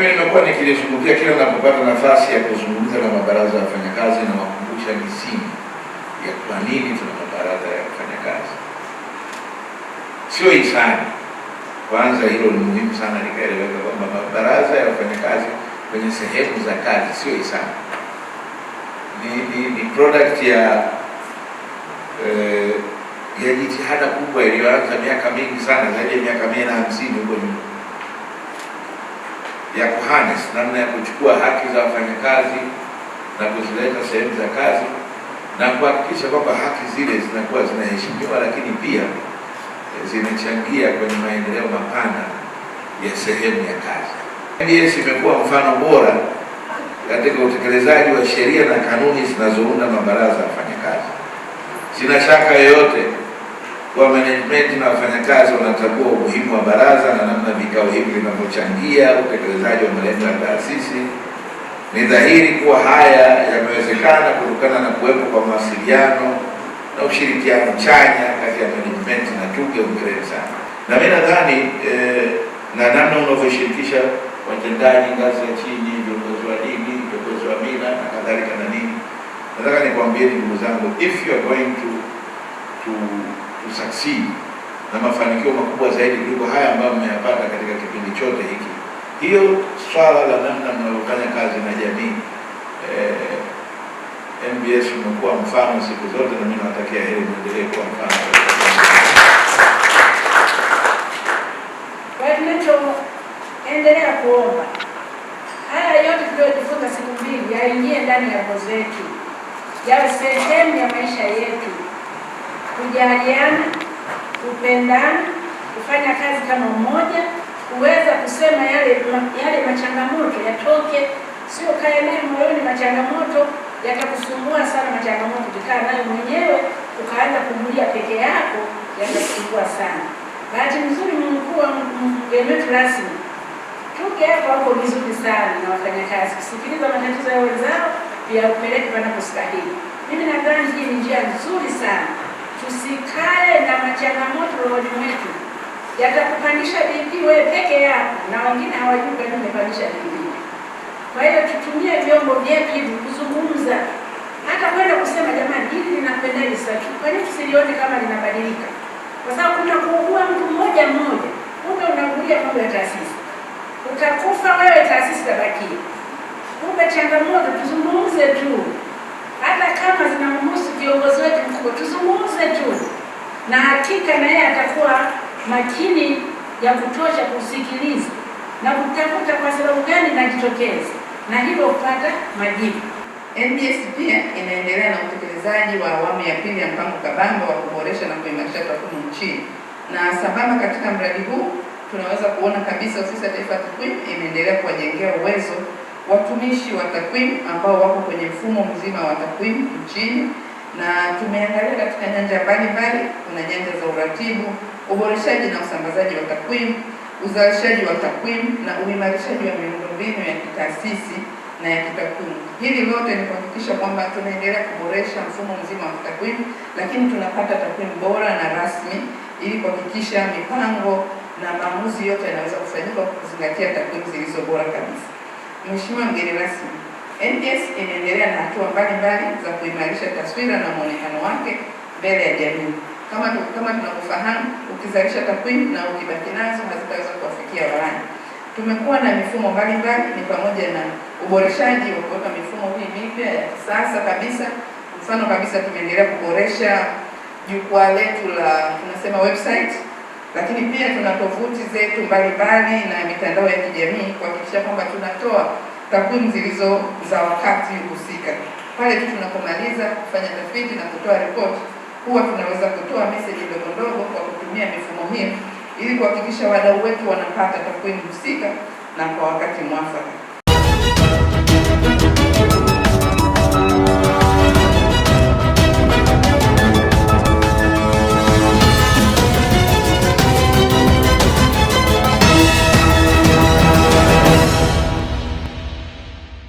mimi nimekuwa nikilizungumzia kila ninapopata nafasi ya kuzungumza na mabaraza ya wafanyakazi na wakumbusha misingi ya kwa nini tuna mabaraza ya wafanyakazi, sio hisani. Kwanza hilo ni muhimu sana likaeleweka, kwamba mabaraza ya wafanyakazi kwenye sehemu za kazi sio hisani, ni, ni, ni product ya eh, ya jitihada kubwa iliyoanza miaka mingi sana, zaidi ya miaka mia na hamsini huko nyuma ya KUHANS, namna ya kuchukua haki za wafanyakazi na kuzileta sehemu za kazi na kuhakikisha kwamba haki zile zinakuwa zinaheshimiwa, lakini pia zinachangia kwenye maendeleo mapana ya sehemu ya kazi. NBS imekuwa mfano bora katika utekelezaji wa sheria na kanuni zinazounda mabaraza ya wafanyakazi. Sina shaka yoyote wa management na wafanyakazi wanatambua umuhimu wa baraza na namna vikao hivi vinavyochangia utekelezaji wa malengo ya taasisi. Ni dhahiri kuwa haya yamewezekana kutokana na kuwepo kwa mawasiliano na ushirikiano chanya kati ya management na TUGHE. Hongereni sana, na mimi nadhani eh, na namna unavyoshirikisha watendaji ngazi ya chini, viongozi wa dini, viongozi wa mila na kadhalika na nini, nataka nikwambie ndugu zangu, if you are going to to kusucceed na mafanikio makubwa zaidi kuliko haya ambayo mmeyapata katika kipindi chote hiki. Hiyo swala la namna mnavyofanya kazi na jamii eh, MBS umekuwa mfano siku zote, na mimi nawatakia heri, mwendelee kuwa mfano. tunachoendelea kuomba haya yote tuliyojifunza siku mbili yaingie ndani ya roho zetu, yawe sehemu ya maisha yetu kujaliana, kupendana, kufanya kazi kama mmoja, kuweza kusema yale yale machangamoto yatoke, sio kaya naye moyoni. Machangamoto yatakusumbua sana, machangamoto ukikaa nayo mwenyewe ukaanza kumulia peke yako yatakusumbua sana. Bahati nzuri mkuu wa mgeni wetu rasmi tuke hapo hapo vizuri sana na wafanyakazi, kusikiliza matatizo ya wenzao pia upeleke panapostahili. Mimi nadhani hii ni njia nzuri sana Tusikale na machangamoto rohoni mwetu yatakupandisha bidii wewe peke yako, na wengine hawajui kwani umepandisha bidii. Kwa hiyo tutumie vyombo vyetu hivi kuzungumza, hata kwenda kusema, jamani, hili linapendeza sasa, kwa nini tusilione kama linabadilika? Kwa sababu kuna kuugua mtu mmoja mmoja, kumbe unagulia mambo ya taasisi. Utakufa wewe, taasisi tabakia. Kumbe changamoto, tuzungumze tu hata kama zinamhusu viongozi wetu mkubwa, tuzungumze tu, na hakika na yeye atakuwa makini ya kutosha kusikiliza na kutafuta kwa sababu gani najitokeza, na hivyo kupata majibu. NBS pia inaendelea na utekelezaji wa awamu ya pili ya mpango kabambe wa kuboresha na kuimarisha takwimu nchini, na sambamba katika mradi huu tunaweza kuona kabisa Ofisi ya Taifa ya Takwimu imeendelea kuwajengea uwezo watumishi wa takwimu ambao wako kwenye mfumo mzima wa takwimu nchini, na tumeangalia katika nyanja mbalimbali. Kuna nyanja za uratibu, uboreshaji na usambazaji wa takwimu, uzalishaji wa takwimu na uimarishaji wa miundombinu ya kitaasisi na ya kitakwimu. Hili lote ni kuhakikisha kwamba tunaendelea kuboresha mfumo mzima wa takwimu, lakini tunapata takwimu bora na rasmi ili kuhakikisha mipango na maamuzi yote yanaweza kufanyika kwa kuzingatia takwimu zilizo bora kabisa. Mheshimiwa mgeni rasmi, NS imeendelea na hatua mbalimbali za kuimarisha taswira na muonekano wake mbele ya jamii. Kama kama tunavyofahamu, ukizalisha takwimu na ukibaki nazo hazitaweza kuwafikia warani. Tumekuwa na mifumo mbalimbali, ni pamoja na uboreshaji wa kuweka mifumo hii mipya ya kisasa kabisa. Mfano kabisa, tumeendelea kuboresha jukwaa letu la tunasema website lakini pia tuna tovuti zetu mbalimbali na mitandao ya kijamii kuhakikisha kwamba tunatoa takwimu zilizo za wakati husika. Pale tu tunapomaliza kufanya tafiti na kutoa ripoti, huwa tunaweza kutoa meseji ndogo ndogo kwa kutumia mifumo hii ili kuhakikisha wadau wetu wanapata takwimu husika na kwa wakati mwafaka.